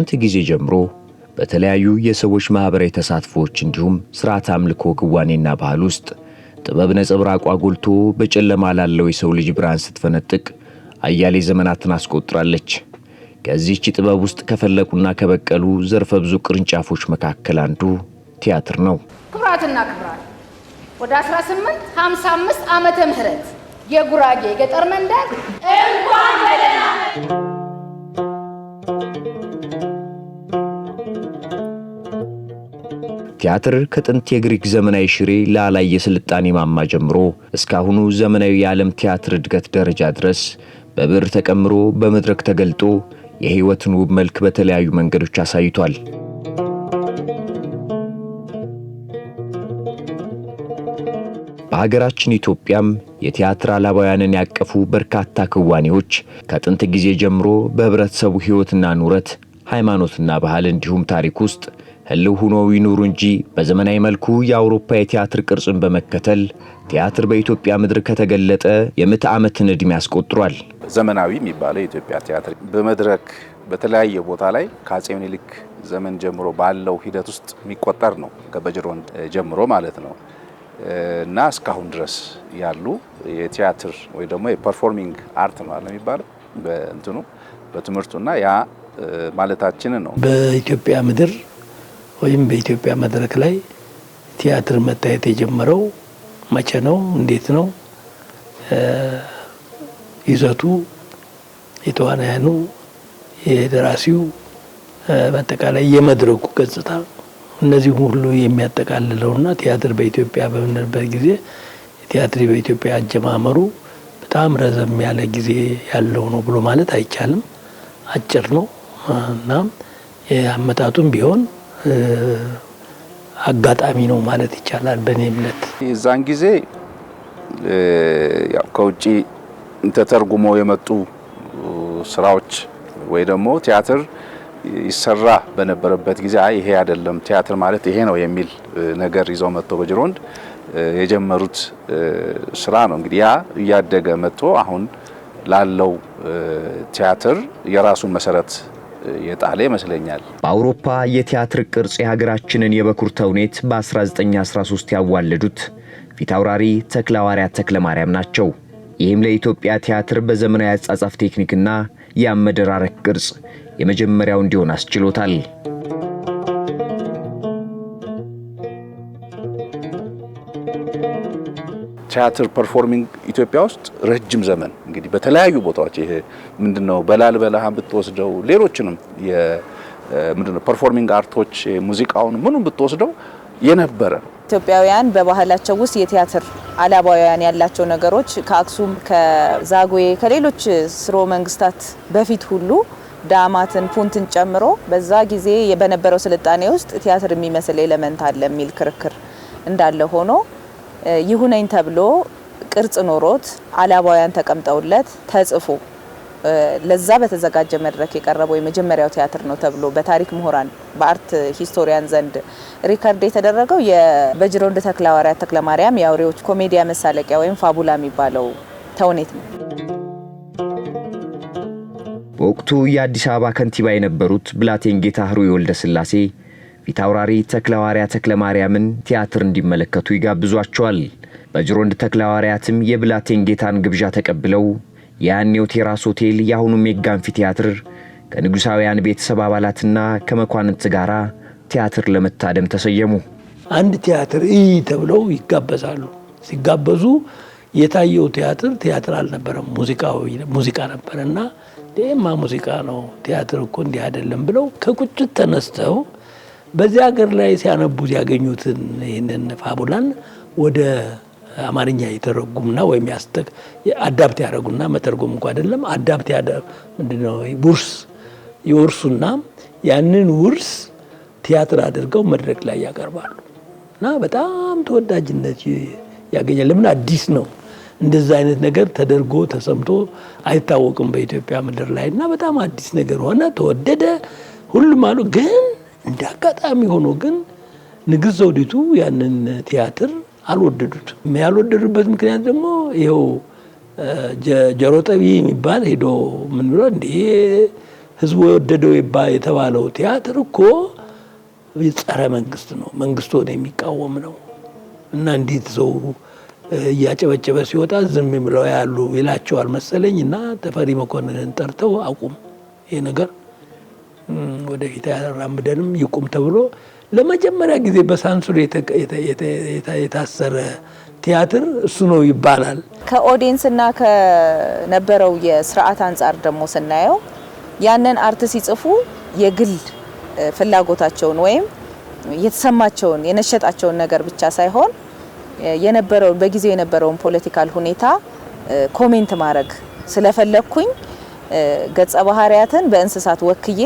ከጥንት ጊዜ ጀምሮ በተለያዩ የሰዎች ማኅበራዊ ተሳትፎች እንዲሁም ሥርዓት አምልኮ፣ ክዋኔና ባህል ውስጥ ጥበብ ነጸብራቋ ጎልቶ በጨለማ ላለው የሰው ልጅ ብርሃን ስትፈነጥቅ አያሌ ዘመናትን አስቆጥራለች። ከዚህች ጥበብ ውስጥ ከፈለቁና ከበቀሉ ዘርፈ ብዙ ቅርንጫፎች መካከል አንዱ ቲያትር ነው። ክብራትና ክብራት ወደ 1855 ዓመተ ምህረት የጉራጌ ገጠር መንደር እንኳን ቲያትር ከጥንት የግሪክ ዘመናዊ ሽሬ ላላይ የስልጣኔ ማማ ጀምሮ እስካሁኑ ዘመናዊ የዓለም ቲያትር እድገት ደረጃ ድረስ በብዕር ተቀምሮ በመድረክ ተገልጦ የሕይወትን ውብ መልክ በተለያዩ መንገዶች አሳይቷል። በሀገራችን ኢትዮጵያም የቲያትር አላባውያንን ያቀፉ በርካታ ክዋኔዎች ከጥንት ጊዜ ጀምሮ በህብረተሰቡ ሕይወትና ኑረት፣ ሃይማኖትና ባህል እንዲሁም ታሪክ ውስጥ ህልው ሁኖ ይኑሩ እንጂ በዘመናዊ መልኩ የአውሮፓ የቲያትር ቅርጽን በመከተል ቲያትር በኢትዮጵያ ምድር ከተገለጠ የምዕተ ዓመትን ዕድሜ ያስቆጥሯል። ዘመናዊ የሚባለው የኢትዮጵያ ቲያትር በመድረክ በተለያየ ቦታ ላይ ከአጼ ምኒልክ ዘመን ጀምሮ ባለው ሂደት ውስጥ የሚቆጠር ነው፣ ከበጅሮን ጀምሮ ማለት ነው እና እስካሁን ድረስ ያሉ የቲያትር ወይ ደግሞ የፐርፎርሚንግ አርት ነው አለ በእንትኑ በትምህርቱና ያ ማለታችን ነው። በኢትዮጵያ ምድር ወይም በኢትዮጵያ መድረክ ላይ ቲያትር መታየት የጀመረው መቼ ነው? እንዴት ነው? ይዘቱ፣ የተዋናያኑ፣ የደራሲው፣ በአጠቃላይ የመድረኩ ገጽታ እነዚህ ሁሉ የሚያጠቃልለውና ቲያትር በኢትዮጵያ በምንልበት ጊዜ ቲያትሪ በኢትዮጵያ አጀማመሩ በጣም ረዘም ያለ ጊዜ ያለው ነው ብሎ ማለት አይቻልም። አጭር ነው እና አመጣጡም ቢሆን አጋጣሚ ነው ማለት ይቻላል። በእኔ እምነት የዛን ጊዜ ከውጭ ተተርጉሞ የመጡ ስራዎች ወይ ደግሞ ቲያትር ይሰራ በነበረበት ጊዜ አይ ይሄ አይደለም ቲያትር ማለት ይሄ ነው የሚል ነገር ይዘው መጥቶ በጅሮንድ የጀመሩት ስራ ነው። እንግዲህ ያ እያደገ መጥቶ አሁን ላለው ቲያትር የራሱን መሰረት የጣለ ይመስለኛል። በአውሮፓ የቲያትር ቅርጽ የሀገራችንን የበኩር ተውኔት በ1913 ያዋለዱት ፊታውራሪ ተክለሐዋርያት ተክለ ማርያም ናቸው። ይህም ለኢትዮጵያ ቲያትር በዘመናዊ አጻጻፍ ቴክኒክና የአመደራረክ ቅርጽ የመጀመሪያው እንዲሆን አስችሎታል። ቲያትር ፐርፎርሚንግ ኢትዮጵያ ውስጥ ረጅም ዘመን እንግዲህ በተለያዩ ቦታዎች ይሄ ምንድነው በላልበላህን ብትወስደው ሌሎችንም ምንድነው ፐርፎርሚንግ አርቶች ሙዚቃውን ምኑን ብትወስደው የነበረ ኢትዮጵያውያን በባህላቸው ውስጥ የቲያትር አላባውያን ያላቸው ነገሮች ከአክሱም ከዛጉዌ ከሌሎች ስርወ መንግስታት በፊት ሁሉ ዳማትን ፑንትን ጨምሮ በዛ ጊዜ በነበረው ስልጣኔ ውስጥ ቲያትር የሚመስል ኤለመንት አለ የሚል ክርክር እንዳለ ሆኖ ይሁነኝ ተብሎ ቅርጽ ኖሮት አላባውያን ተቀምጠውለት ተጽፎ ለዛ በተዘጋጀ መድረክ የቀረበው የመጀመሪያው ቲያትር ነው ተብሎ በታሪክ ምሁራን በአርት ሂስቶሪያን ዘንድ ሪከርድ የተደረገው የበጅሮንድ ተክለሐዋርያት ተክለ ማርያም የአውሬዎች ኮሜዲያ መሳለቂያ ወይም ፋቡላ የሚባለው ተውኔት ነው። በወቅቱ የአዲስ አበባ ከንቲባ የነበሩት ብላቴን ጌታ ህሩይ ወልደ ስላሴ ፊታውራሪ ተክለ ተክለማርያምን ቲያትር እንዲመለከቱ ይጋብዟቸዋል። በጅሮንድ ተክለሐዋርያትም የብላቴን ጌታን ግብዣ ተቀብለው የያኔው ቴራስ ሆቴል የአሁኑ ሜጋንፊ ቲያትር ከንጉሣውያን ቤተሰብ አባላትና ከመኳንንት ጋር ቲያትር ለመታደም ተሰየሙ። አንድ ቲያትር እይ ተብለው ይጋበዛሉ። ሲጋበዙ የታየው ቲያትር ቲያትር አልነበረም፣ ሙዚቃ ነበረና ማ ሙዚቃ ነው ቲያትር እኮ እንዲህ አይደለም ብለው ከቁጭት ተነስተው በዚህ ሀገር ላይ ሲያነቡት ያገኙትን ይህንን ፋቡላን ወደ አማርኛ የተረጉምና ወይም አዳብት ያደረጉና መተርጎም እንኳ አይደለም አዳብት ምንድነው ውርስ የወርሱና ያንን ውርስ ቲያትር አድርገው መድረክ ላይ ያቀርባሉ እና በጣም ተወዳጅነት ያገኛል። ለምን አዲስ ነው። እንደዛ አይነት ነገር ተደርጎ ተሰምቶ አይታወቅም በኢትዮጵያ ምድር ላይ እና በጣም አዲስ ነገር ሆነ፣ ተወደደ። ሁሉም አሉ ግን እንደ አጋጣሚ ሆኖ ግን ንግስ ዘውዲቱ ያንን ቲያትር አልወደዱትም። ያልወደዱበት ምክንያት ደግሞ ይኸው ጀሮ ጠቢ የሚባል ሄዶ ምን ብሎ እንዴ ህዝቡ የወደደው ይባ የተባለው ቲያትር እኮ የጸረ መንግስት ነው፣ መንግስቱን የሚቃወም ነው እና እንዴት ሰው እያጨበጨበ ሲወጣ ዝም ብለው ያሉ ይላቸዋል መሰለኝ እና ተፈሪ መኮንንን ጠርተው አቁም ይሄ ነገር ወደፊት ያራምደንም ይቁም ተብሎ ለመጀመሪያ ጊዜ በሳንሱር የታሰረ ቲያትር እሱ ነው ይባላል። ከኦዲንስ እና ከነበረው የስርዓት አንጻር ደግሞ ስናየው ያንን አርት ሲጽፉ የግል ፍላጎታቸውን ወይም የተሰማቸውን የነሸጣቸውን ነገር ብቻ ሳይሆን የነበረውን በጊዜው የነበረውን ፖለቲካል ሁኔታ ኮሜንት ማድረግ ስለፈለግኩኝ ገጸ ባህሪያትን በእንስሳት ወክዬ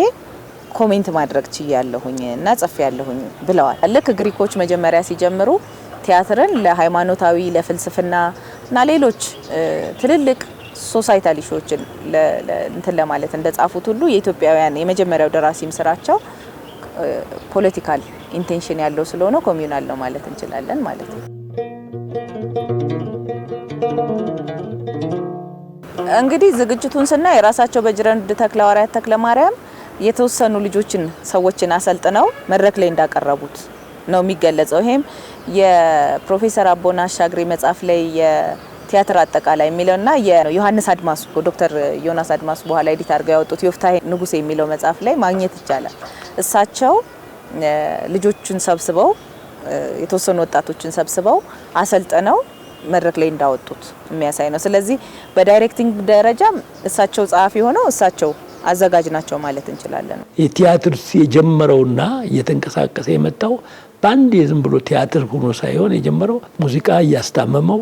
ኮሜንት ማድረግ ችያለሁኝ እና ጽፍ ያለሁኝ ብለዋል። ልክ ግሪኮች መጀመሪያ ሲጀምሩ ቲያትርን ለሃይማኖታዊ፣ ለፍልስፍና እና ሌሎች ትልልቅ ሶሳይታል ኢሹዎችን እንትን ለማለት እንደጻፉት ሁሉ የኢትዮጵያውያን የመጀመሪያው ደራሲም ስራቸው ፖለቲካል ኢንቴንሽን ያለው ስለሆነ ኮሚዩናል ነው ማለት እንችላለን ማለት ነው። እንግዲህ ዝግጅቱን ስናይ የራሳቸው በጅረንድ ተክለ ሐዋርያት ተክለ ማርያም የተወሰኑ ልጆችን ሰዎችን አሰልጥነው መድረክ ላይ እንዳቀረቡት ነው የሚገለጸው። ይሄም የፕሮፌሰር አቦና አሻግሬ መጽሐፍ ላይ የቲያትር አጠቃላይ የሚለውና የዮሐንስ አድማሱ ዶክተር ዮናስ አድማሱ በኋላ ኤዲት አድርገው ያወጡት የወፍታሄ ንጉሴ የሚለው መጽሐፍ ላይ ማግኘት ይቻላል። እሳቸው ልጆቹን ሰብስበው የተወሰኑ ወጣቶችን ሰብስበው አሰልጥነው መድረክ ላይ እንዳወጡት የሚያሳይ ነው። ስለዚህ በዳይሬክቲንግ ደረጃ እሳቸው ጸሐፊ ሆነው እሳቸው አዘጋጅ ናቸው ማለት እንችላለን። የቲያትር የጀመረውና እየተንቀሳቀሰ የመጣው በአንድ የዝም ብሎ ቲያትር ሆኖ ሳይሆን የጀመረው ሙዚቃ እያስታመመው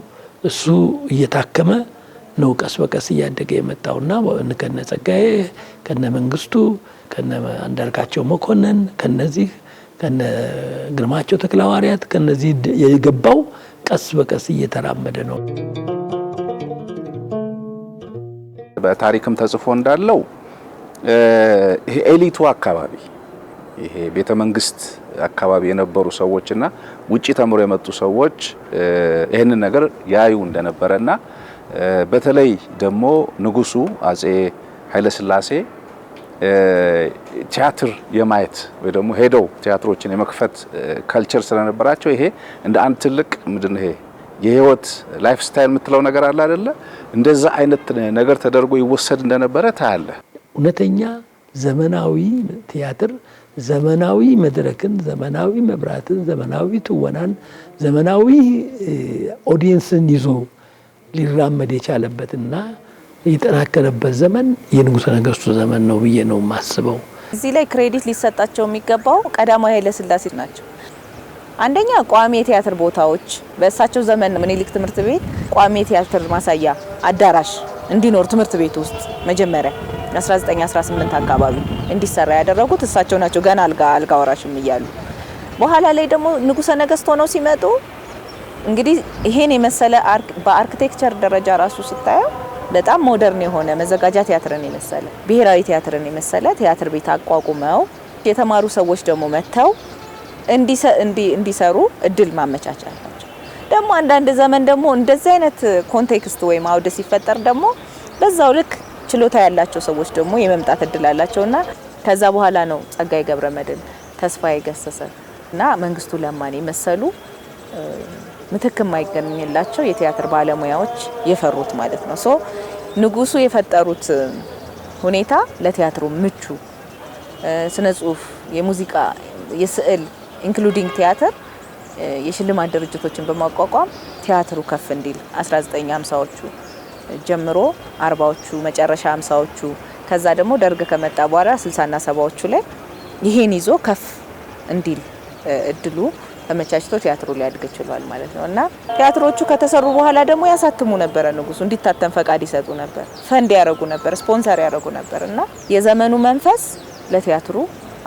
እሱ እየታከመ ነው ቀስ በቀስ እያደገ የመጣውና ከነ ጸጋዬ ከነ መንግስቱ ከነ አንዳርጋቸው መኮንን ከነዚህ ከነ ግርማቸው ተክለሐዋርያት ከነዚህ የገባው ቀስ በቀስ እየተራመደ ነው። በታሪክም ተጽፎ እንዳለው ኤሊቱ አካባቢ ይሄ ቤተ መንግስት አካባቢ የነበሩ ሰዎችና ውጪ ተምሮ የመጡ ሰዎች ይህንን ነገር ያዩ እንደነበረና በተለይ ደግሞ ንጉሱ አጼ ኃይለስላሴ ቲያትር የማየት ወይ ደግሞ ሄደው ቲያትሮችን የመክፈት ካልቸር ስለነበራቸው ይሄ እንደ አንድ ትልቅ ምንድን ይሄ የህይወት ላይፍ ስታይል የምትለው ነገር አለ አይደለ? እንደዛ አይነት ነገር ተደርጎ ይወሰድ እንደነበረ ታያለ። እውነተኛ ዘመናዊ ቲያትር ዘመናዊ መድረክን፣ ዘመናዊ መብራትን፣ ዘመናዊ ትወናን፣ ዘመናዊ ኦዲየንስን ይዞ ሊራመድ የቻለበትና የጠናከረበት ዘመን የንጉሠ ነገሥቱ ዘመን ነው ብዬ ነው የማስበው። እዚህ ላይ ክሬዲት ሊሰጣቸው የሚገባው ቀዳማዊ ኃይለሥላሴ ናቸው። አንደኛ ቋሚ የቲያትር ቦታዎች በእሳቸው ዘመን ምኒልክ ትምህርት ቤት ቋሚ የቲያትር ማሳያ አዳራሽ እንዲኖር ትምህርት ቤት ውስጥ መጀመሪያ 1918 አካባቢ እንዲሰራ ያደረጉት እሳቸው ናቸው። ገና አልጋ አልጋ ወራሽም እያሉ በኋላ ላይ ደግሞ ንጉሰ ነገስት ሆነው ሲመጡ እንግዲህ ይሄን የመሰለ በአርክቴክቸር ደረጃ ራሱ ስታየው በጣም ሞደርን የሆነ መዘጋጃ ቲያትርን የመሰለ ብሔራዊ ቲያትርን የመሰለ ቲያትር ቤት አቋቁመው የተማሩ ሰዎች ደግሞ መጥተው እንዲሰሩ እድል ማመቻቻል ደግሞ አንዳንድ ዘመን ደግሞ እንደዚህ አይነት ኮንቴክስት ወይም አውድ ሲፈጠር ደግሞ በዛው ልክ ችሎታ ያላቸው ሰዎች ደግሞ የመምጣት እድል አላቸውና ከዛ በኋላ ነው ጸጋዬ መድን ተስፋዬ ገሰሰ እና መንግስቱ ለማን የመሰሉ ምትክ የማይገኝላቸው የቲያትር ባለሙያዎች የፈሩት ማለት ነው። ሶ ንጉሱ የፈጠሩት ሁኔታ ለቲያትሩ ምቹ ስነ ጽሁፍ፣ የሙዚቃ፣ የስዕል ኢንክሉዲንግ ቲያትር የሽልማት ድርጅቶችን በማቋቋም ቲያትሩ ከፍ እንዲል 1950ዎቹ ጀምሮ አርባዎቹ መጨረሻ አምሳዎቹ ከዛ ደግሞ ደርግ ከመጣ በኋላ 6 ና ሰባዎቹ ላይ ይሄን ይዞ ከፍ እንዲል እድሉ ተመቻችቶ ቲያትሩ ሊያድግ ችሏል ማለት ነው። እና ቲያትሮቹ ከተሰሩ በኋላ ደግሞ ያሳትሙ ነበረ። ንጉሱ እንዲታተም ፈቃድ ይሰጡ ነበር፣ ፈንድ ያደረጉ ነበር፣ ስፖንሰር ያደረጉ ነበር። እና የዘመኑ መንፈስ ለቲያትሩ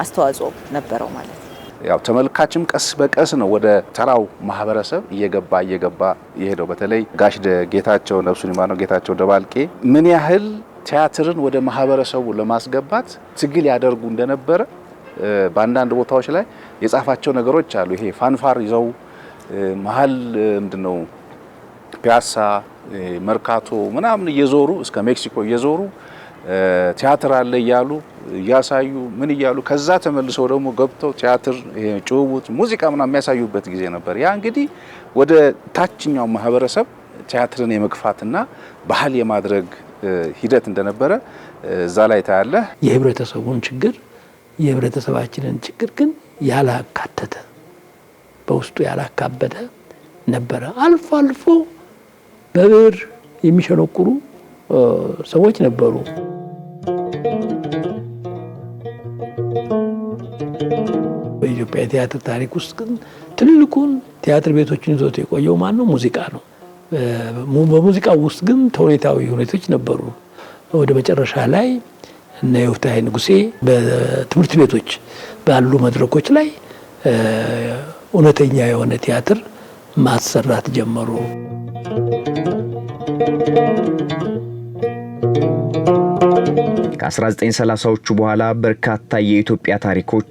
አስተዋጽኦ ነበረው ማለት ነው። ያው ተመልካችም ቀስ በቀስ ነው ወደ ተራው ማህበረሰብ እየገባ እየገባ የሄደው። በተለይ ጋሽ ጌታቸው ነፍሱን ይማረው ጌታቸው ደባልቄ ምን ያህል ቲያትርን ወደ ማህበረሰቡ ለማስገባት ትግል ያደርጉ እንደነበረ በአንዳንድ ቦታዎች ላይ የጻፋቸው ነገሮች አሉ። ይሄ ፋንፋር ይዘው መሀል ምንድን ነው ፒያሳ፣ መርካቶ ምናምን እየዞሩ እስከ ሜክሲኮ እየዞሩ ቲያትር አለ እያሉ እያሳዩ ምን እያሉ ከዛ ተመልሰው ደግሞ ገብተው ቲያትር፣ ጭውውት፣ ሙዚቃ ምናምን የሚያሳዩበት ጊዜ ነበር። ያ እንግዲህ ወደ ታችኛው ማህበረሰብ ቲያትርን የመግፋትና ባህል የማድረግ ሂደት እንደነበረ እዛ ላይ ታያለህ። የህብረተሰቡን ችግር የህብረተሰባችንን ችግር ግን ያላካተተ በውስጡ ያላካበደ ነበረ። አልፎ አልፎ በብዕር የሚሸነቁሩ ሰዎች ነበሩ። በኢትዮጵያ የቲያትር ታሪክ ውስጥ ግን ትልቁን ቲያትር ቤቶችን ይዞት የቆየው ማን ነው? ሙዚቃ ነው። በሙዚቃው ውስጥ ግን ተውኔታዊ ሁኔቶች ነበሩ። ወደ መጨረሻ ላይ እነ ዮፍታሔ ንጉሴ በትምህርት ቤቶች ባሉ መድረኮች ላይ እውነተኛ የሆነ ቲያትር ማሰራት ጀመሩ። ከ1930ዎቹ በኋላ በርካታ የኢትዮጵያ ታሪኮች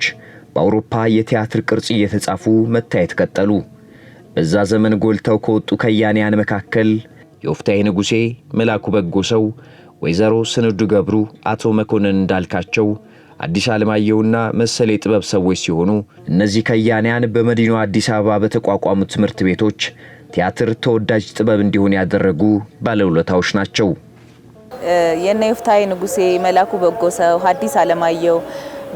በአውሮፓ የቲያትር ቅርጽ እየተጻፉ መታየት ቀጠሉ። በዛ ዘመን ጎልተው ከወጡ ከያንያን መካከል የወፍታዬ ንጉሴ፣ መላኩ በጎ ሰው፣ ወይዘሮ ስንዱ ገብሩ፣ አቶ መኮንን እንዳልካቸው፣ አዲስ አለማየሁና መሰል የጥበብ ሰዎች ሲሆኑ እነዚህ ከያንያን በመዲናዋ አዲስ አበባ በተቋቋሙ ትምህርት ቤቶች ቲያትር ተወዳጅ ጥበብ እንዲሆን ያደረጉ ባለውለታዎች ናቸው። የነ የወፍታዬ ንጉሴ፣ መላኩ በጎ ሰው፣ ሐዲስ አለማየሁ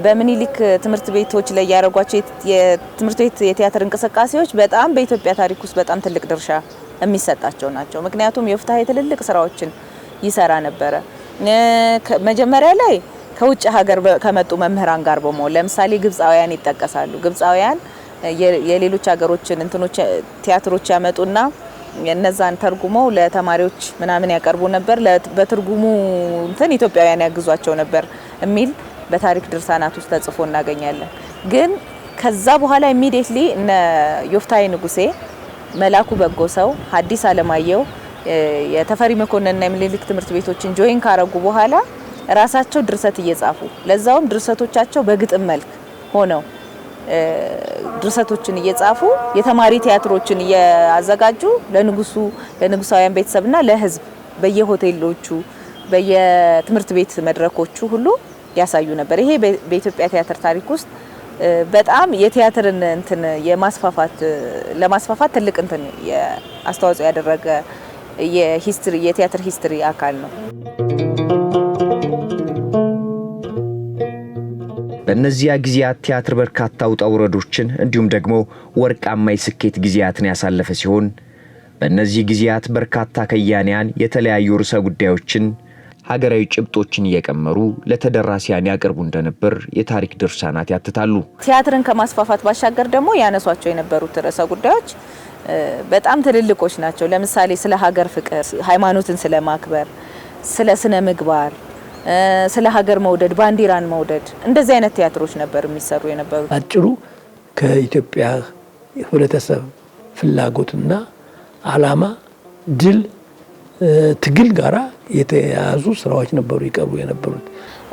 በምኒልክ ትምህርት ቤቶች ላይ ያደረጓቸው የትምህርት ቤት የቲያትር እንቅስቃሴዎች በጣም በኢትዮጵያ ታሪክ ውስጥ በጣም ትልቅ ድርሻ የሚሰጣቸው ናቸው። ምክንያቱም የፍትሀ ትልልቅ ስራዎችን ይሰራ ነበረ። መጀመሪያ ላይ ከውጭ ሀገር ከመጡ መምህራን ጋር በመሆን ለምሳሌ ግብፃውያን ይጠቀሳሉ። ግብፃውያን የሌሎች ሀገሮችን እንትኖች ቲያትሮች ያመጡና እነዛን ተርጉመው ለተማሪዎች ምናምን ያቀርቡ ነበር። በትርጉሙ እንትን ኢትዮጵያውያን ያግዟቸው ነበር የሚል በታሪክ ድርሳናት ውስጥ ተጽፎ እናገኛለን። ግን ከዛ በኋላ ኢሚዲየትሊ እነ ዮፍታይ ንጉሴ፣ መላኩ በጎ ሰው፣ ሀዲስ አለማየሁ የተፈሪ መኮንንና የምኒልክ ትምህርት ቤቶችን ጆይን ካረጉ በኋላ ራሳቸው ድርሰት እየጻፉ ለዛውም ድርሰቶቻቸው በግጥም መልክ ሆነው ድርሰቶችን እየጻፉ የተማሪ ቲያትሮችን እያዘጋጁ ለንጉሱ ለንጉሳውያን ቤተሰብና ለህዝብ በየሆቴሎቹ በየትምህርት ቤት መድረኮቹ ሁሉ ያሳዩ ነበር። ይሄ በኢትዮጵያ ቲያትር ታሪክ ውስጥ በጣም የቲያትርን እንትን የማስፋፋት ለማስፋፋት ትልቅ እንትን አስተዋጽኦ ያደረገ የሂስትሪ የቲያትር ሂስትሪ አካል ነው። በእነዚያ ጊዜያት ቲያትር በርካታ ውጣ ውረዶችን እንዲሁም ደግሞ ወርቃማ የስኬት ጊዜያትን ያሳለፈ ሲሆን በእነዚህ ጊዜያት በርካታ ከያንያን የተለያዩ ርዕሰ ጉዳዮችን ሀገራዊ ጭብጦችን እየቀመሩ ለተደራሲያን ያቀርቡ እንደነበር የታሪክ ድርሳናት ያትታሉ። ቲያትርን ከማስፋፋት ባሻገር ደግሞ ያነሷቸው የነበሩት ርዕሰ ጉዳዮች በጣም ትልልቆች ናቸው። ለምሳሌ ስለ ሀገር ፍቅር፣ ሃይማኖትን ስለ ማክበር፣ ስለ ስነ ምግባር ስለ ሀገር መውደድ፣ ባንዲራን መውደድ እንደዚህ አይነት ቲያትሮች ነበር የሚሰሩ የነበሩት። አጭሩ ከኢትዮጵያ ህብረተሰብ ፍላጎትና አላማ ድል ትግል ጋራ የተያያዙ ስራዎች ነበሩ ይቀርቡ የነበሩት።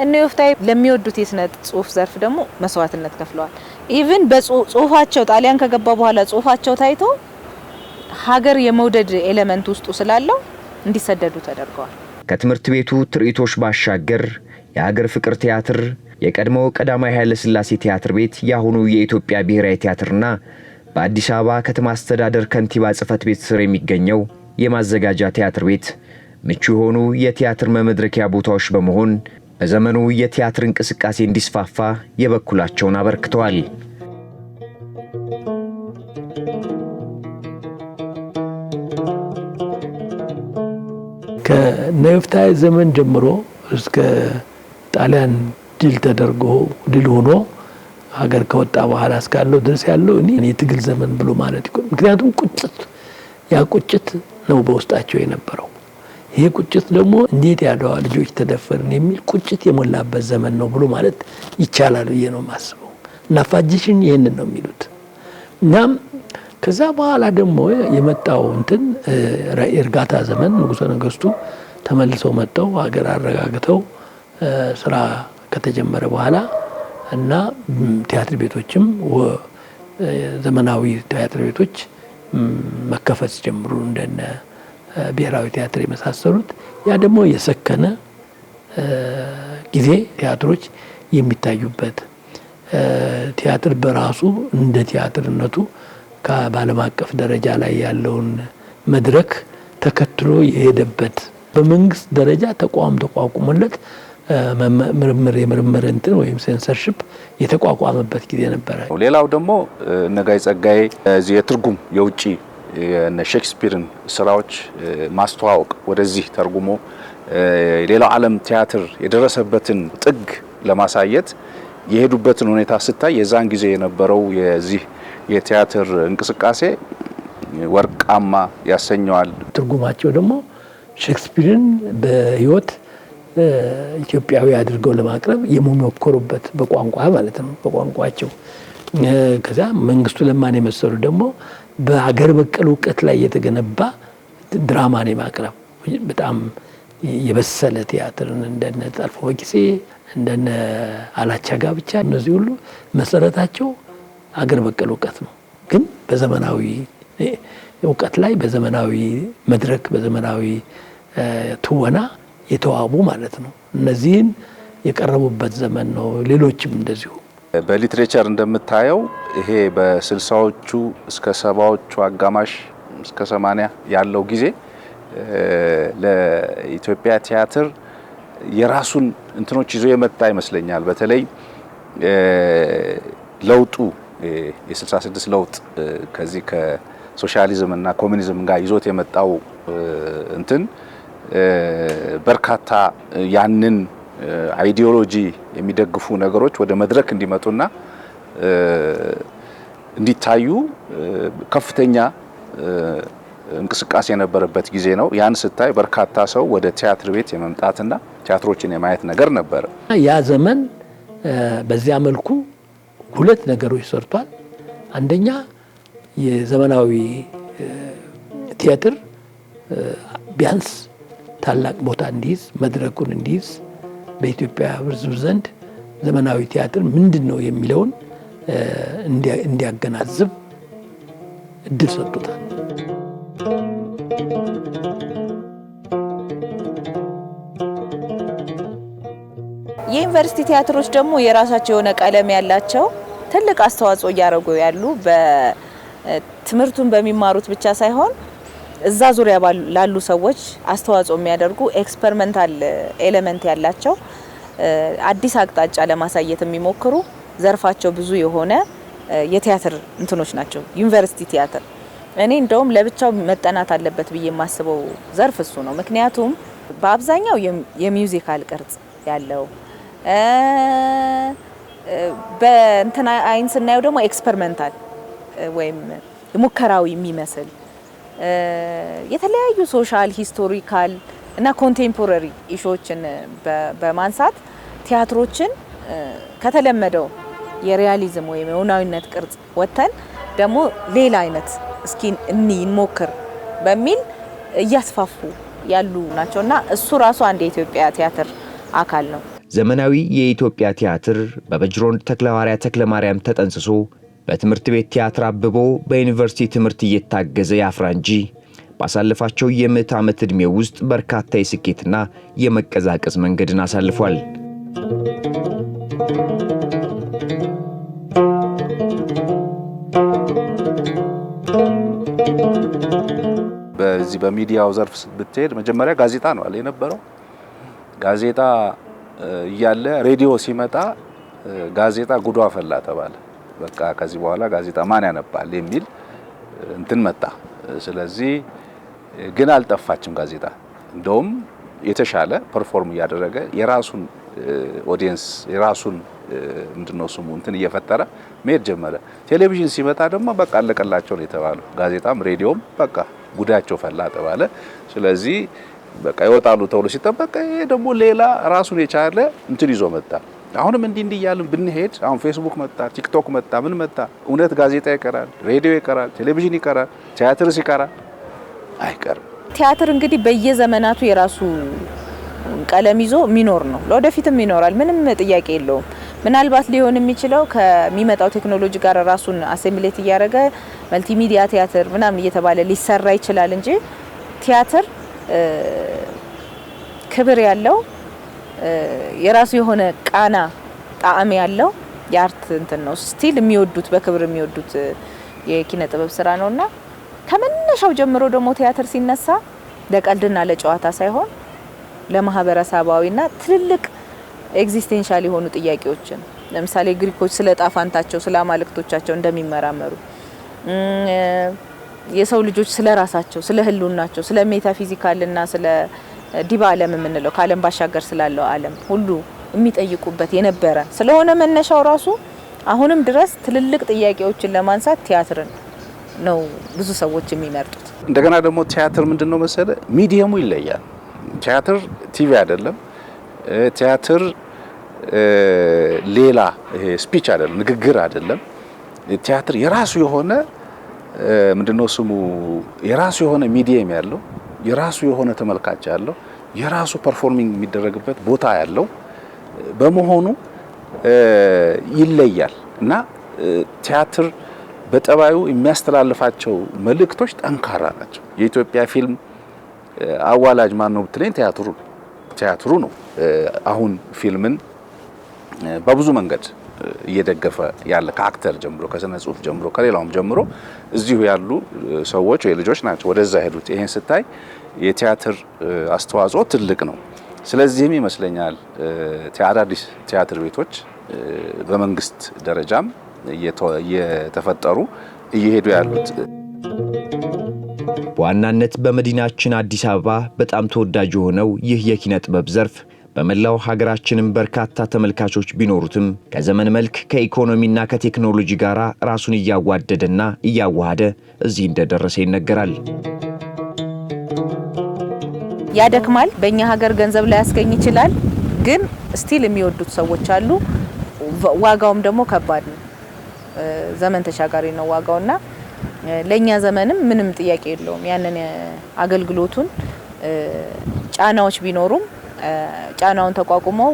እነ ዮፍታይ ለሚወዱት የስነ ጽሁፍ ዘርፍ ደግሞ መስዋዕትነት ከፍለዋል። ኢቭን በጽሁፋቸው ጣሊያን ከገባ በኋላ ጽሁፋቸው ታይቶ ሀገር የመውደድ ኤሌመንት ውስጡ ስላለው እንዲሰደዱ ተደርገዋል። ከትምህርት ቤቱ ትርኢቶች ባሻገር የሀገር ፍቅር ቲያትር፣ የቀድሞ ቀዳማዊ ኃይለሥላሴ ቲያትር ቤት የአሁኑ የኢትዮጵያ ብሔራዊ ቲያትርና በአዲስ አበባ ከተማ አስተዳደር ከንቲባ ጽህፈት ቤት ስር የሚገኘው የማዘጋጃ ቲያትር ቤት፣ ምቹ የሆኑ የቲያትር መመድረኪያ ቦታዎች በመሆን በዘመኑ የቲያትር እንቅስቃሴ እንዲስፋፋ የበኩላቸውን አበርክተዋል። ከነፍታይ ዘመን ጀምሮ እስከ ጣሊያን ድል ተደርጎ ድል ሆኖ ሀገር ከወጣ በኋላ እስካለው ድረስ ያለው እኔ የትግል ዘመን ብሎ ማለት ይቆ ምክንያቱም ቁጭት ያ ቁጭት ነው በውስጣቸው የነበረው። ይህ ቁጭት ደግሞ እንዴት ያደዋ ልጆች ተደፈርን የሚል ቁጭት የሞላበት ዘመን ነው ብሎ ማለት ይቻላል ብዬ ነው የማስበው። እና ፋጅሽን ይህንን ነው የሚሉት። እናም ከዛ በኋላ ደግሞ የመጣው እንትን የእርጋታ ዘመን ንጉሠ ነገስቱ ተመልሰው መጥተው ሀገር አረጋግተው ስራ ከተጀመረ በኋላ እና ቲያትር ቤቶችም ዘመናዊ ቲያትር ቤቶች መከፈት ሲጀምሩ እንደነ ብሔራዊ ቲያትር የመሳሰሉት ያ ደግሞ የሰከነ ጊዜ ቲያትሮች የሚታዩበት ቲያትር በራሱ እንደ ቲያትርነቱ ከዓለም አቀፍ ደረጃ ላይ ያለውን መድረክ ተከትሎ የሄደበት በመንግስት ደረጃ ተቋም ተቋቁሞለት ምርምር የምርምር እንትን ወይም ሴንሰርሽፕ የተቋቋመበት ጊዜ ነበረ። ሌላው ደግሞ ነጋይ ጸጋዬ የትርጉም የውጭ ሼክስፒርን ስራዎች ማስተዋወቅ ወደዚህ ተርጉሞ ሌላው ዓለም ቲያትር የደረሰበትን ጥግ ለማሳየት የሄዱበትን ሁኔታ ስታይ የዛን ጊዜ የነበረው የዚህ የቲያትር እንቅስቃሴ ወርቃማ ያሰኘዋል። ትርጉማቸው ደግሞ ሼክስፒርን በህይወት ኢትዮጵያዊ አድርገው ለማቅረብ የሚሞክሩበት በቋንቋ ማለት ነው፣ በቋንቋቸው። ከዛ መንግስቱ ለማን የመሰሉ ደግሞ በሀገር በቀል እውቀት ላይ የተገነባ ድራማን የማቅረብ በጣም የበሰለ ቲያትርን እንደነ ጠልፎ ጊዜ እንደነ አላቻ ጋብቻ እነዚህ ሁሉ መሰረታቸው አገር በቀል እውቀት ነው። ግን በዘመናዊ እውቀት ላይ በዘመናዊ መድረክ በዘመናዊ ትወና የተዋቡ ማለት ነው። እነዚህን የቀረቡበት ዘመን ነው። ሌሎችም እንደዚሁ በሊትሬቸር እንደምታየው ይሄ በስልሳዎቹ እስከ ሰባዎቹ አጋማሽ እስከ ሰማንያ ያለው ጊዜ ለኢትዮጵያ ቲያትር የራሱን እንትኖች ይዞ የመጣ ይመስለኛል። በተለይ ለውጡ የ66 ለውጥ ከዚህ ከሶሻሊዝም እና ኮሚኒዝም ጋር ይዞት የመጣው እንትን በርካታ ያንን አይዲዮሎጂ የሚደግፉ ነገሮች ወደ መድረክ እንዲመጡና እንዲታዩ ከፍተኛ እንቅስቃሴ የነበረበት ጊዜ ነው። ያን ስታይ በርካታ ሰው ወደ ቲያትር ቤት የመምጣትና ቲያትሮችን የማየት ነገር ነበር። ያ ዘመን በዚያ መልኩ ሁለት ነገሮች ሰርቷል። አንደኛ የዘመናዊ ቲያትር ቢያንስ ታላቅ ቦታ እንዲይዝ መድረኩን እንዲይዝ በኢትዮጵያ ህዝብ ዘንድ ዘመናዊ ቲያትር ምንድን ነው የሚለውን እንዲያገናዝብ እድል ሰጡታል። የዩኒቨርሲቲ ቲያትሮች ደግሞ የራሳቸው የሆነ ቀለም ያላቸው ትልቅ አስተዋጽኦ እያደረጉ ያሉ በትምህርቱን በሚማሩት ብቻ ሳይሆን እዛ ዙሪያ ላሉ ሰዎች አስተዋጽኦ የሚያደርጉ ኤክስፐሪመንታል ኤሌመንት ያላቸው አዲስ አቅጣጫ ለማሳየት የሚሞክሩ ዘርፋቸው ብዙ የሆነ የቲያትር እንትኖች ናቸው። ዩኒቨርሲቲ ቲያትር እኔ እንደውም ለብቻው መጠናት አለበት ብዬ የማስበው ዘርፍ እሱ ነው። ምክንያቱም በአብዛኛው የሚውዚካል ቅርጽ ያለው በእንትን አይን ስናየው ደግሞ ኤክስፐሪመንታል ወይም ሙከራዊ የሚመስል የተለያዩ ሶሻል፣ ሂስቶሪካል እና ኮንቴምፖራሪ ኢሾችን በማንሳት ቲያትሮችን ከተለመደው የሪያሊዝም ወይም የእውናዊነት ቅርጽ ወጥተን ደግሞ ሌላ አይነት እስኪ እኒ እንሞክር በሚል እያስፋፉ ያሉ ናቸው እና እሱ ራሱ አንድ የኢትዮጵያ ቲያትር አካል ነው። ዘመናዊ የኢትዮጵያ ቲያትር በበጅሮንድ ተክለሐዋርያት ተክለማርያም ተጠንስሶ በትምህርት ቤት ቲያትር አብቦ በዩኒቨርሲቲ ትምህርት እየታገዘ ያፍራ እንጂ ባሳለፋቸው የምዕት ዓመት ዕድሜ ውስጥ በርካታ የስኬትና የመቀዛቀዝ መንገድን አሳልፏል። በዚህ በሚዲያው ዘርፍ ብትሄድ መጀመሪያ ጋዜጣ ነው አለ የነበረው። ጋዜጣ እያለ ሬዲዮ ሲመጣ ጋዜጣ ጉዷ ፈላ ተባለ። በቃ ከዚህ በኋላ ጋዜጣ ማን ያነባል የሚል እንትን መጣ። ስለዚህ ግን አልጠፋችም ጋዜጣ እንደውም የተሻለ ፐርፎርም እያደረገ የራሱን ኦዲየንስ የራሱን ምንድነው ስሙ እንትን እየፈጠረ መሄድ ጀመረ። ቴሌቪዥን ሲመጣ ደግሞ በቃ አለቀላቸው ነው የተባለው። ጋዜጣም ሬዲዮም በቃ ጉዳያቸው ፈላ ተባለ። ስለዚህ በቃ ይወጣሉ ተብሎ ሲጠበቅ ይሄ ደግሞ ሌላ ራሱን የቻለ እንትን ይዞ መጣ። አሁንም እንዲህ እንዲህ እያልን ብንሄድ አሁን ፌስቡክ መጣ፣ ቲክቶክ መጣ፣ ምን መጣ፣ እውነት ጋዜጣ ይቀራል፣ ሬዲዮ ይቀራል፣ ቴሌቪዥን ይቀራል፣ ቲያትርስ ይቀራል? አይቀርም። ቲያትር እንግዲህ በየዘመናቱ የራሱ ቀለም ይዞ የሚኖር ነው። ለወደፊትም ይኖራል። ምንም ጥያቄ የለውም። ምናልባት ሊሆን የሚችለው ከሚመጣው ቴክኖሎጂ ጋር ራሱን አሴሚሌት እያደረገ መልቲሚዲያ ቲያትር ምናምን እየተባለ ሊሰራ ይችላል እንጂ ቲያትር ክብር ያለው የራሱ የሆነ ቃና ጣዕም ያለው የአርት እንትን ነው። ስቲል የሚወዱት በክብር የሚወዱት የኪነ ጥበብ ስራ ነው እና ከመነሻው ጀምሮ ደግሞ ቲያትር ሲነሳ ለቀልድና ለጨዋታ ሳይሆን ለማህበረሰባዊና ትልልቅ ኤግዚስቴንሻል የሆኑ ጥያቄዎችን ለምሳሌ ግሪኮች ስለ ጣፋንታቸው ስለ አማልክቶቻቸው እንደሚመራመሩ የሰው ልጆች ስለ ራሳቸው ስለ ሕልውናቸው ስለ ሜታፊዚካልና ስለ ዲባ ዓለም የምንለው ከዓለም ባሻገር ስላለው ዓለም ሁሉ የሚጠይቁበት የነበረ ስለሆነ መነሻው ራሱ አሁንም ድረስ ትልልቅ ጥያቄዎችን ለማንሳት ቲያትርን ነው ብዙ ሰዎች የሚመርጡት። እንደገና ደግሞ ቲያትር ምንድን ነው መሰለ፣ ሚዲየሙ ይለያል። ቲያትር ቲቪ አይደለም። ቲያትር ሌላ ስፒች አይደለም፣ ንግግር አይደለም። ቲያትር የራሱ የሆነ ምንድነው ስሙ የራሱ የሆነ ሚዲየም ያለው የራሱ የሆነ ተመልካች ያለው የራሱ ፐርፎርሚንግ የሚደረግበት ቦታ ያለው በመሆኑ ይለያል እና ቲያትር በጠባዩ የሚያስተላልፋቸው መልእክቶች ጠንካራ ናቸው። የኢትዮጵያ ፊልም አዋላጅ ማን ነው ብትለኝ ቲያትሩ ቲያትሩ ነው። አሁን ፊልምን በብዙ መንገድ እየደገፈ ያለ ከአክተር ጀምሮ ከስነ ጽሁፍ ጀምሮ ከሌላውም ጀምሮ እዚሁ ያሉ ሰዎች ወይ ልጆች ናቸው ወደዛ ሄዱት። ይሄን ስታይ የቲያትር አስተዋጽኦ ትልቅ ነው። ስለዚህም ይመስለኛል አዳዲስ ቲያትር ቤቶች በመንግስት ደረጃም እየተፈጠሩ እየሄዱ ያሉት። በዋናነት በመዲናችን አዲስ አበባ በጣም ተወዳጅ የሆነው ይህ የኪነ ጥበብ ዘርፍ በመላው ሀገራችንም በርካታ ተመልካቾች ቢኖሩትም ከዘመን መልክ ከኢኮኖሚና ከቴክኖሎጂ ጋር ራሱን እያዋደደና እያዋሃደ እዚህ እንደደረሰ ይነገራል። ያደክማል። በእኛ ሀገር ገንዘብ ላያስገኝ ይችላል፣ ግን ስቲል የሚወዱት ሰዎች አሉ። ዋጋውም ደግሞ ከባድ ነው። ዘመን ተሻጋሪ ነው ዋጋውና ለእኛ ዘመንም ምንም ጥያቄ የለውም። ያንን አገልግሎቱን ጫናዎች ቢኖሩም ጫናውን ተቋቁመው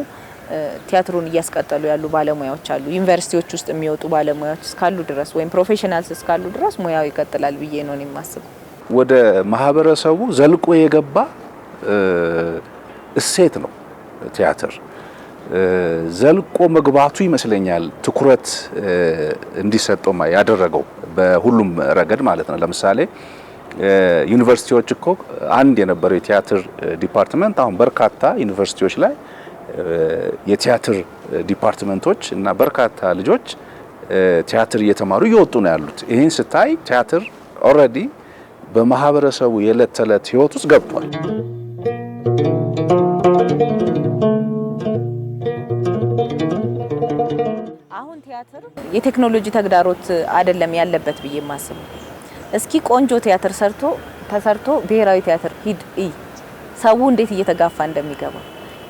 ቲያትሩን እያስቀጠሉ ያሉ ባለሙያዎች አሉ። ዩኒቨርሲቲዎች ውስጥ የሚወጡ ባለሙያዎች እስካሉ ድረስ ወይም ፕሮፌሽናልስ እስካሉ ድረስ ሙያው ይቀጥላል ብዬ ነው የማስበው። ወደ ማህበረሰቡ ዘልቆ የገባ እሴት ነው ቲያትር ዘልቆ መግባቱ ይመስለኛል ትኩረት እንዲሰጠው ያደረገው በሁሉም ረገድ ማለት ነው። ለምሳሌ ዩኒቨርሲቲዎች እኮ አንድ የነበረው የቲያትር ዲፓርትመንት አሁን በርካታ ዩኒቨርሲቲዎች ላይ የቲያትር ዲፓርትመንቶች እና በርካታ ልጆች ቲያትር እየተማሩ እየወጡ ነው ያሉት። ይህን ስታይ ቲያትር ኦልሬዲ በማህበረሰቡ የዕለት ተዕለት ህይወት ውስጥ ገብቷል። አሁን ቲያትር የቴክኖሎጂ ተግዳሮት አይደለም ያለበት ብዬ የማስበው እስኪ ቆንጆ ቲያትር ሰርቶ ተሰርቶ ብሔራዊ ቲያትር ሂድ እይ ሰው እንዴት እየተጋፋ እንደሚገባ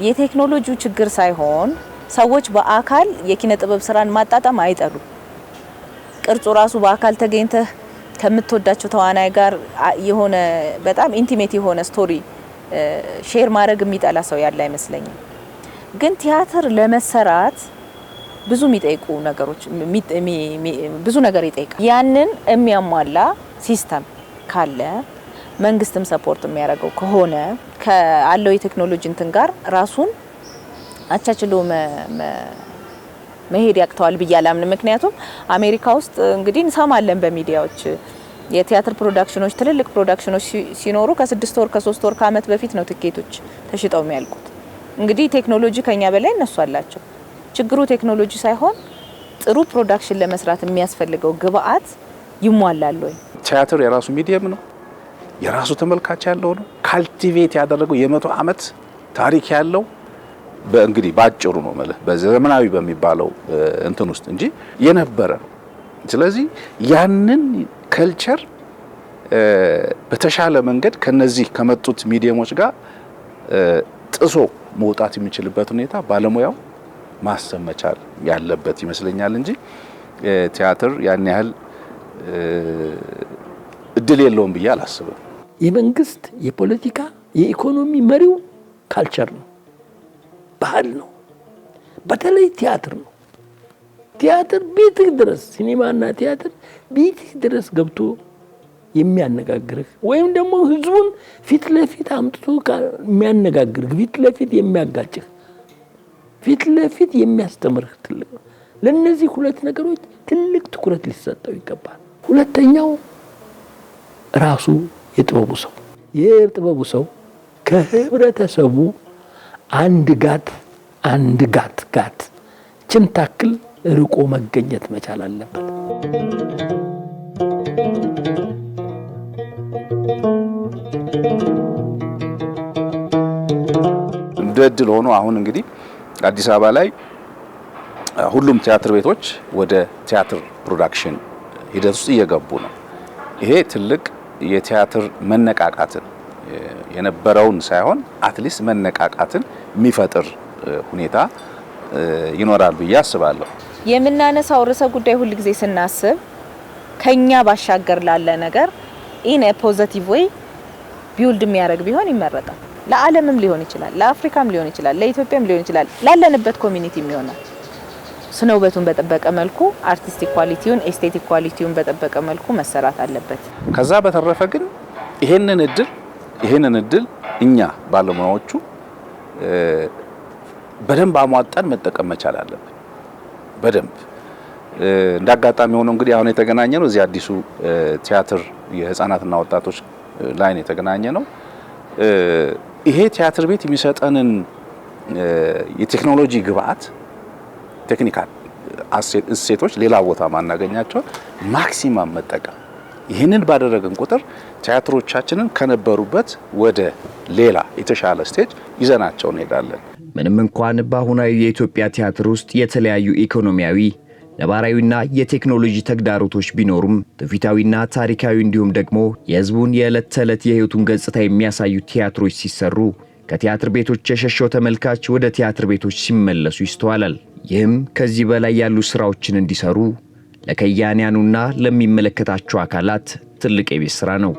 የቴክኖሎጂው ችግር ሳይሆን ሰዎች በአካል የኪነ ጥበብ ስራን ማጣጣም አይጠሉ። ቅርጹ ራሱ በአካል ተገኝተህ ከምትወዳቸው ተዋናይ ጋር የሆነ በጣም ኢንቲሜት የሆነ ስቶሪ ሼር ማድረግ የሚጠላ ሰው ያለ አይመስለኝም። ግን ቲያትር ለመሰራት ብዙ የሚጠይቁ ነገሮች ብዙ ነገር ይጠይቃል። ያንን የሚያሟላ ሲስተም ካለ መንግስትም ሰፖርት የሚያደርገው ከሆነ ከአለው የቴክኖሎጂ እንትን ጋር ራሱን አቻችሎ መሄድ ያቅተዋል ብዬ አላምን። ምክንያቱም አሜሪካ ውስጥ እንግዲህ እንሰማለን በሚዲያዎች የቲያትር ፕሮዳክሽኖች ትልልቅ ፕሮዳክሽኖች ሲኖሩ ከስድስት ወር ከሶስት ወር ከአመት በፊት ነው ትኬቶች ተሽጠው የሚያልቁት። እንግዲህ ቴክኖሎጂ ከኛ በላይ እነሱ አላቸው። ችግሩ ቴክኖሎጂ ሳይሆን ጥሩ ፕሮዳክሽን ለመስራት የሚያስፈልገው ግብአት ይሟላል ወይ? ቲያትር የራሱ ሚዲየም ነው፣ የራሱ ተመልካች ያለው ነው። ካልቲቬት ያደረገው የመቶ ዓመት ታሪክ ያለው በእንግዲህ ባጭሩ ነው ማለት በዘመናዊ በሚባለው እንትን ውስጥ እንጂ የነበረ ነው። ስለዚህ ያንን ከልቸር በተሻለ መንገድ ከነዚህ ከመጡት ሚዲየሞች ጋር ጥሶ መውጣት የሚችልበት ሁኔታ ባለሙያው ማሰብ መቻል ያለበት ይመስለኛል እንጂ ቲያትር ያን ያህል እድል የለውም ብዬ አላስብም። የመንግስት የፖለቲካ የኢኮኖሚ መሪው ካልቸር ነው፣ ባህል ነው፣ በተለይ ቲያትር ነው። ቲያትር ቤትህ ድረስ ሲኒማና ቲያትር ቤትህ ድረስ ገብቶ የሚያነጋግርህ ወይም ደግሞ ህዝቡን ፊት ለፊት አምጥቶ የሚያነጋግርህ ፊት ለፊት የሚያጋጭህ ፊት ለፊት የሚያስተምርህ ትልቅ ነው። ለእነዚህ ሁለት ነገሮች ትልቅ ትኩረት ሊሰጠው ይገባል። ሁለተኛው ራሱ የጥበቡ ሰው የጥበቡ ሰው ከህብረተሰቡ አንድ ጋት አንድ ጋት ጋት ችን ታክል ርቆ መገኘት መቻል አለበት። እንደ እድል ሆኖ አሁን እንግዲህ አዲስ አበባ ላይ ሁሉም ቲያትር ቤቶች ወደ ቲያትር ፕሮዳክሽን ሂደት ውስጥ እየገቡ ነው። ይሄ ትልቅ የቲያትር መነቃቃትን የነበረውን ሳይሆን አትሊስት መነቃቃትን የሚፈጥር ሁኔታ ይኖራል ብዬ አስባለሁ። የምናነሳው ርዕሰ ጉዳይ ሁል ጊዜ ስናስብ ከኛ ባሻገር ላለ ነገር ኢን ፖዘቲቭ ወይ ቢውልድ የሚያደርግ ቢሆን ይመረጣል። ለዓለምም ሊሆን ይችላል፣ ለአፍሪካም ሊሆን ይችላል፣ ለኢትዮጵያም ሊሆን ይችላል፣ ላለንበት ኮሚኒቲ የሚሆናል። ስነ ውበቱን በጠበቀ መልኩ አርቲስቲክ ኳሊቲውን ኤስቴቲክ ኳሊቲውን በጠበቀ መልኩ መሰራት አለበት። ከዛ በተረፈ ግን ይሄንን እድል ይሄንን እድል እኛ ባለሙያዎቹ በደንብ አሟጠን መጠቀም መቻል አለብን። በደንብ እንደ አጋጣሚ ሆኖ እንግዲህ አሁን የተገናኘ ነው እዚህ አዲሱ ቲያትር የህፃናትና ወጣቶች ላይን የተገናኘ ነው። ይሄ ቲያትር ቤት የሚሰጠንን የቴክኖሎጂ ግብአት ቴክኒካል እሴቶች ሌላ ቦታ ማናገኛቸው ማክሲማም መጠቀም። ይህንን ባደረግን ቁጥር ቲያትሮቻችንን ከነበሩበት ወደ ሌላ የተሻለ ስቴጅ ይዘናቸው እንሄዳለን። ምንም እንኳን በአሁናዊ የኢትዮጵያ ቲያትር ውስጥ የተለያዩ ኢኮኖሚያዊ ነባራዊና የቴክኖሎጂ ተግዳሮቶች ቢኖሩም ትውፊታዊና ታሪካዊ እንዲሁም ደግሞ የሕዝቡን የዕለት ተዕለት የሕይወቱን ገጽታ የሚያሳዩ ቲያትሮች ሲሰሩ ከቲያትር ቤቶች የሸሸው ተመልካች ወደ ቲያትር ቤቶች ሲመለሱ ይስተዋላል። ይህም ከዚህ በላይ ያሉ ሥራዎችን እንዲሠሩ ለከያንያኑና ለሚመለከታቸው አካላት ትልቅ የቤት ሥራ ነው።